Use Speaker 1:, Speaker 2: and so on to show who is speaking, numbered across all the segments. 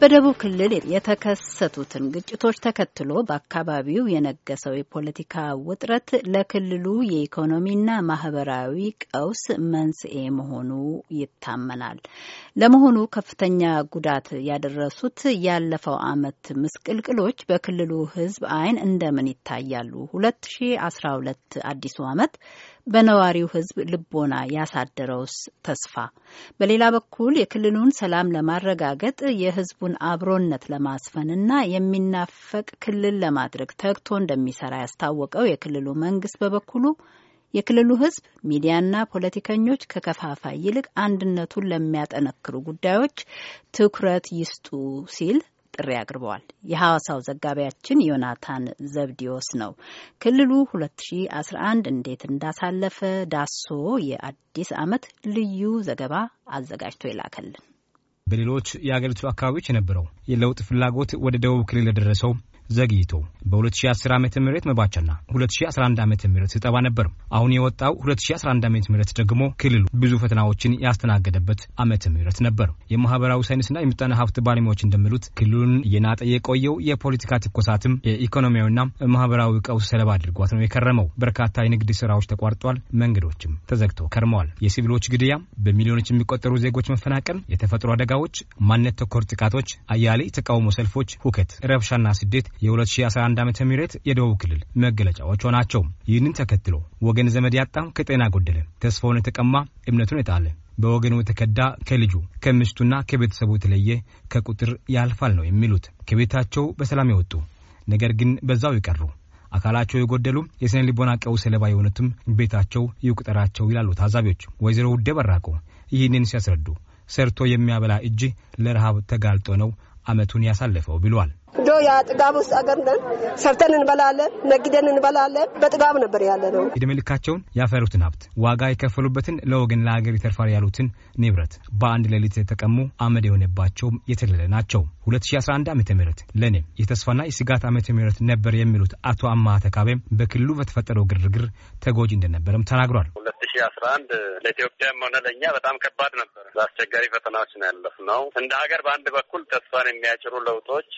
Speaker 1: በደቡብ ክልል የተከሰቱትን ግጭቶች ተከትሎ በአካባቢው የነገሰው የፖለቲካ ውጥረት ለክልሉ የኢኮኖሚና ማህበራዊ ቀውስ መንስኤ መሆኑ ይታመናል። ለመሆኑ ከፍተኛ ጉዳት ያደረሱት ያለፈው ዓመት ምስቅልቅሎች በክልሉ ሕዝብ አይን እንደምን ይታያሉ? 2012 አዲሱ ዓመት በነዋሪው ሕዝብ ልቦና ያሳደረውስ ተስፋ? በሌላ በኩል የክልሉን ሰላም ለማረጋገጥ የሕዝቡን አብሮነት ለማስፈንና የሚናፈቅ ክልል ለማድረግ ተግቶ እንደሚሰራ ያስታወቀው የክልሉ መንግስት በበኩሉ የክልሉ ሕዝብ ሚዲያና ፖለቲከኞች ከከፋፋይ ይልቅ አንድነቱን ለሚያጠነክሩ ጉዳዮች ትኩረት ይስጡ ሲል ጥሪ አቅርበዋል። የሐዋሳው ዘጋቢያችን ዮናታን ዘብዲዮስ ነው። ክልሉ 2011 እንዴት እንዳሳለፈ ዳሶ የአዲስ ዓመት ልዩ ዘገባ አዘጋጅቶ ይላከልን።
Speaker 2: በሌሎች የአገሪቱ አካባቢዎች የነበረው የለውጥ ፍላጎት ወደ ደቡብ ክልል የደረሰው ዘግይቶ በ2010 ዓ ም መባቻና 2011 ዓ ም ስጠባ ነበር። አሁን የወጣው 2011 ዓ ም ደግሞ ክልሉ ብዙ ፈተናዎችን ያስተናገደበት ዓመተ ምህረት ነበር። የማህበራዊ ሳይንስና የምጣኔ ሀብት ባለሙያዎች እንደሚሉት ክልሉን የናጠ የቆየው የፖለቲካ ትኮሳትም የኢኮኖሚያዊና ማህበራዊ ቀውስ ሰለባ አድርጓት ነው የከረመው። በርካታ የንግድ ስራዎች ተቋርጧል፣ መንገዶችም ተዘግተው ከርመዋል። የሲቪሎች ግድያ፣ በሚሊዮኖች የሚቆጠሩ ዜጎች መፈናቀል፣ የተፈጥሮ አደጋዎች፣ ማንነት ተኮር ጥቃቶች፣ አያሌ ተቃውሞ ሰልፎች፣ ሁከት፣ ረብሻና ስደት የ2011 ዓ ም የደቡብ ክልል መገለጫዎቿ ናቸው። ይህንን ተከትሎ ወገን ዘመድ ያጣ ከጤና ጎደለ፣ ተስፋውን የተቀማ እምነቱን የጣለ በወገኑ የተከዳ ከልጁ ከምሽቱና ከቤተሰቡ የተለየ ከቁጥር ያልፋል ነው የሚሉት። ከቤታቸው በሰላም የወጡ ነገር ግን በዛው ይቀሩ አካላቸው የጎደሉ የስነ ልቦና ቀውስ ሰለባ የሆኑትም ቤታቸው ይቁጠራቸው ይላሉ ታዛቢዎች። ወይዘሮ ውዴ በራቆ ይህንን ሲያስረዱ ሰርቶ የሚያበላ እጅ ለረሃብ ተጋልጦ ነው አመቱን ያሳለፈው ብሏል።
Speaker 1: ዶ ያ ጥጋብ ውስጥ አገር ነን። ሰርተን እንበላለን፣ ነግደን እንበላለን። በጥጋብ ነበር ያለ ነው።
Speaker 2: ዕድሜ ልካቸውን ያፈሩትን ሀብት ዋጋ የከፈሉበትን ለወገን ለሀገር ይተርፋል ያሉትን ንብረት በአንድ ሌሊት የተቀሙ አመድ የሆነባቸውም የተለለ ናቸው። 2011 ዓ ም ለእኔ የተስፋና የስጋት ዓ ም ነበር የሚሉት አቶ አማ ተካቤም በክልሉ በተፈጠረው ግርግር ተጎጂ እንደነበረም ተናግሯል።
Speaker 1: 2011 ለኢትዮጵያም ሆነ ለእኛ በጣም ከባድ ነበር። አስቸጋሪ ፈተናዎች ነው ያለፍነው። እንደ ሀገር በአንድ በኩል ተስፋን የሚያጭሩ ለውጦች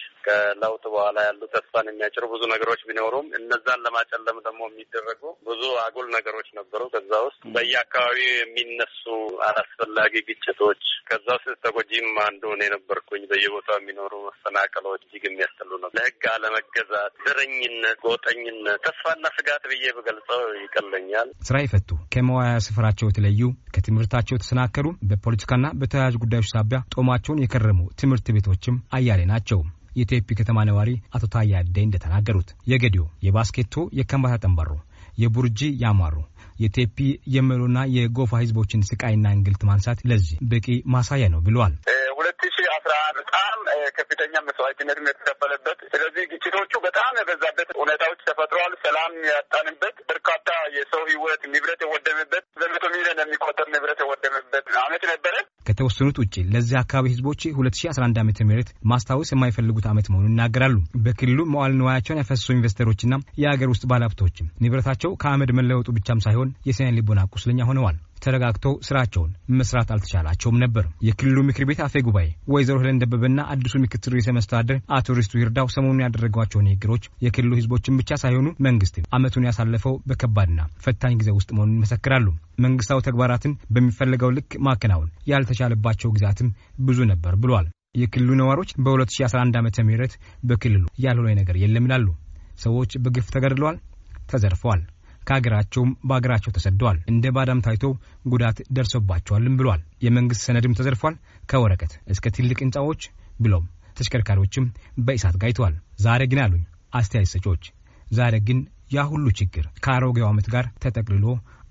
Speaker 1: ከለውጥ በኋላ ያሉ ተስፋን የሚያጭሩ ብዙ ነገሮች ቢኖሩም እነዛን ለማጨለም ደግሞ የሚደረጉ ብዙ አጉል ነገሮች ነበሩ። ከዛ ውስጥ በየአካባቢው የሚነሱ አላስፈላጊ ግጭቶች፣ ከዛ ውስጥ ተጎጂም አንዱ እኔ ነበርኩኝ። በየቦታው የሚኖሩ መፈናቀሎች እጅግ የሚያስጠሉ ነው። ለህግ አለመገዛት፣ ዘረኝነት፣ ጎጠኝነት፣ ተስፋና ስጋት ብዬ
Speaker 2: ብገልጸው ይቀለኛል። ስራ ይፈቱ፣ ከመዋያ ስፍራቸው የተለዩ፣ ከትምህርታቸው ተሰናከሉ፣ በፖለቲካና በተያያዥ ጉዳዮች ሳቢያ ጦማቸውን የከረሙ ትምህርት ቤቶችም አያሌ ናቸው። የቴፒ ከተማ ነዋሪ አቶ ታያ ደይ እንደተናገሩት የገዲዮ፣ የባስኬቶ፣ የከንባታ ጠንባሮ፣ የቡርጂ ያማሩ፣ የቴፒ የመሎና የጎፋ ህዝቦችን ስቃይና እንግልት ማንሳት ለዚህ በቂ ማሳያ ነው ብለዋል። ከፍተኛ መስዋዕትነት የተከፈለበት ስለዚህ ግጭቶቹ በጣም የበዛበት ሁኔታዎች ተፈጥረዋል። ሰላም ያጣንበት በርካታ የሰው ህይወት ንብረት የወደመበት በመቶ ሚሊዮን የሚቆጠር ንብረት የወደመበት አመት ነበረ። ከተወሰኑት ውጭ ለዚህ አካባቢ ህዝቦች 2011 ዓ ም ማስታወስ የማይፈልጉት ዓመት መሆኑን ይናገራሉ። በክልሉ መዋል ንዋያቸውን ያፈሰሱ ኢንቨስተሮችና የአገር ውስጥ ባለሀብቶችም ንብረታቸው ከአመድ መለወጡ ብቻም ሳይሆን የስነ ልቦና ቁስለኛ ሆነዋል። ተረጋግተው ስራቸውን መስራት አልተቻላቸውም ነበር። የክልሉ ምክር ቤት አፈ ጉባኤ ወይዘሮ ሄለን ደበበና አዲሱ ምክትል ርዕሰ መስተዳድር አቶ ሪስቱ ይርዳው ሰሞኑን ያደረጓቸው ንግግሮች የክልሉ ህዝቦችን ብቻ ሳይሆኑ መንግስትን አመቱን ያሳለፈው በከባድና ፈታኝ ጊዜ ውስጥ መሆኑን ይመሰክራሉ። መንግስታዊ ተግባራትን በሚፈለገው ልክ ማከናወን ያልተቻለባቸው ግዛትም ብዙ ነበር ብሏል። የክልሉ ነዋሪዎች በ2011 ዓ ም በክልሉ ያልሆነ ነገር የለም ይላሉ። ሰዎች በግፍ ተገድለዋል፣ ተዘርፈዋል። ከሀገራቸውም በሀገራቸው ተሰደዋል። እንደ ባዳም ታይቶ ጉዳት ደርሶባቸዋልም ብሏል። የመንግስት ሰነድም ተዘርፏል። ከወረቀት እስከ ትልቅ ህንፃዎች ብሎም ተሽከርካሪዎችም በእሳት ጋይተዋል። ዛሬ ግን አሉኝ አስተያየት ሰጪዎች፣ ዛሬ ግን ያ ሁሉ ችግር ከአሮጌው ዓመት ጋር ተጠቅልሎ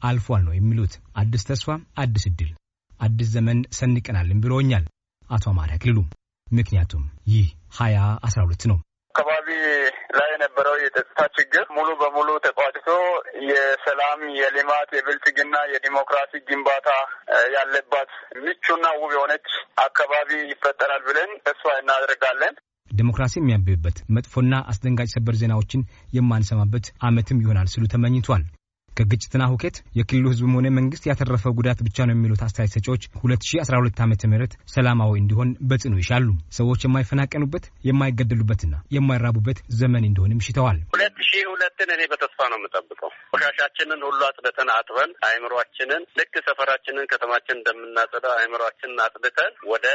Speaker 2: አልፏል ነው የሚሉት። አዲስ ተስፋ፣ አዲስ እድል፣ አዲስ ዘመን ሰንቀናልን ብሎኛል አቶ አማረ ክልሉ። ምክንያቱም ይህ ሀያ አስራ ሁለት ነው አካባቢ ላይ የነበረው የጸጥታ ችግር ሙሉ በሙሉ ተቋድሶ
Speaker 1: የሰላም የልማት የብልጽግና የዲሞክራሲ ግንባታ ያለባት ምቹና ውብ የሆነች አካባቢ ይፈጠራል ብለን ተስፋ እናደርጋለን።
Speaker 2: ዲሞክራሲ የሚያብብበት መጥፎና አስደንጋጭ ሰበር ዜናዎችን የማንሰማበት ዓመትም ይሆናል ስሉ ተመኝቷል። ከግጭትና ሁከት የክልሉ ህዝብም ሆነ መንግስት ያተረፈ ጉዳት ብቻ ነው የሚሉት አስተያየት ሰጪዎች 2012 ዓ ም ሰላማዊ እንዲሆን በጽኑ ይሻሉ። ሰዎች የማይፈናቀኑበት የማይገደሉበትና የማይራቡበት ዘመን እንደሆንም ሽተዋል።
Speaker 1: ሁለት ሺህ ሁለትን እኔ በተስፋ ነው የምጠብቀው። ቆሻሻችንን ሁሉ አጥብተን አጥበን አይምሯችንን ልክ ሰፈራችንን ከተማችን እንደምናጸዳው አይምሯችንን አጥብተን ወደ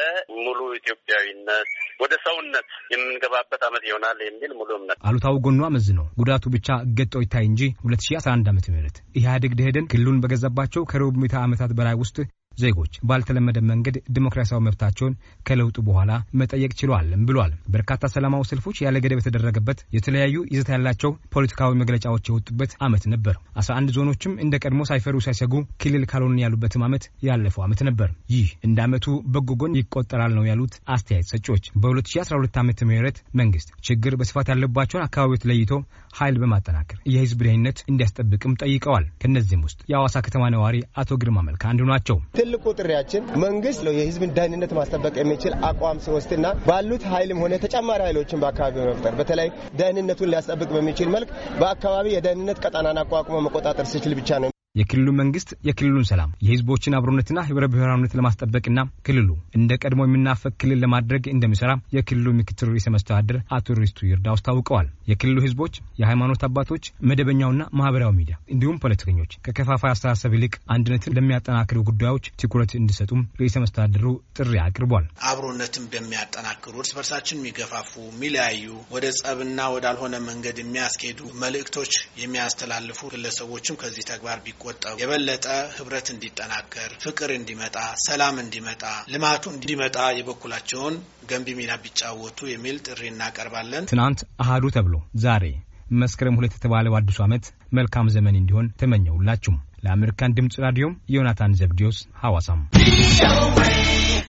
Speaker 1: ሙሉ ኢትዮጵያዊነት ወደ ሰውነት የምንገባበት አመት ይሆናል የሚል ሙሉ
Speaker 2: እምነት አሉታዊ ጎኗ መዝ ነው ጉዳቱ ብቻ ገጦ ይታይ እንጂ 2011 ዓ ም ኢህአዴግ ደሄደን ክልሉን በገዛባቸው ከሩብ ምዕተ ዓመታት በላይ ውስጥ ዜጎች ባልተለመደ መንገድ ዲሞክራሲያዊ መብታቸውን ከለውጡ በኋላ መጠየቅ ችሏልም ብሏል። በርካታ ሰላማዊ ሰልፎች ያለ ገደብ የተደረገበት የተለያዩ ይዘት ያላቸው ፖለቲካዊ መግለጫዎች የወጡበት ዓመት ነበር። አስራ አንድ ዞኖችም እንደ ቀድሞ ሳይፈሩ ሳይሰጉ ክልል ካልሆን ያሉበትም ዓመት ያለፈው ዓመት ነበር። ይህ እንደ ዓመቱ በጎ ጎን ይቆጠራል ነው ያሉት አስተያየት ሰጪዎች። በ2012 ዓ ም መንግስት ችግር በስፋት ያለባቸውን አካባቢዎች ለይቶ ኃይል በማጠናከር የህዝብ ደህንነት እንዲያስጠብቅም ጠይቀዋል። ከእነዚህም ውስጥ የአዋሳ ከተማ ነዋሪ አቶ ግርማ መልካ አንዱ ናቸው። ትልቁ ጥሪያችን መንግስት የህዝብን ደህንነት ማስጠበቅ የሚችል አቋም ሲወስድና ባሉት ኃይልም ሆነ ተጨማሪ ኃይሎችን በአካባቢ መፍጠር በተለይ ደህንነቱን ሊያስጠብቅ በሚችል መልክ በአካባቢ የደህንነት ቀጠናን አቋቁሞ መቆጣጠር ሲችል ብቻ ነው የክልሉ መንግስት የክልሉን ሰላም የህዝቦችን አብሮነትና ህብረ ብሔራዊነት ለማስጠበቅና ክልሉ እንደ ቀድሞ የሚናፈቅ ክልል ለማድረግ እንደሚሰራ የክልሉ ምክትል ርዕሰ መስተዳድር አቶ ሪስቱ ይርዳ አስታውቀዋል። የክልሉ ህዝቦች፣ የሃይማኖት አባቶች፣ መደበኛውና ማህበራዊ ሚዲያ እንዲሁም ፖለቲከኞች ከከፋፋይ አስተሳሰብ ይልቅ አንድነትን ለሚያጠናክሩ ጉዳዮች ትኩረት እንዲሰጡም ርዕሰ መስተዳድሩ ጥሪ አቅርቧል። አብሮነትን በሚያጠናክሩ እርስ በርሳችን የሚገፋፉ የሚለያዩ፣ ወደ ጸብና ወዳልሆነ መንገድ የሚያስኬዱ መልእክቶች የሚያስተላልፉ ግለሰቦችም ከዚህ ተግባር ቢ እንዲቆጠቡ፣ የበለጠ ህብረት እንዲጠናከር፣ ፍቅር እንዲመጣ፣ ሰላም እንዲመጣ፣ ልማቱ እንዲመጣ የበኩላቸውን ገንቢ ሚና ቢጫወቱ የሚል ጥሪ እናቀርባለን። ትናንት አህዱ ተብሎ ዛሬ መስከረም ሁለት የተባለው አዲሱ ዓመት መልካም ዘመን እንዲሆን ተመኘውላችሁ። ለአሜሪካን ድምፅ ራዲዮም ዮናታን ዘብዲዮስ ሐዋሳም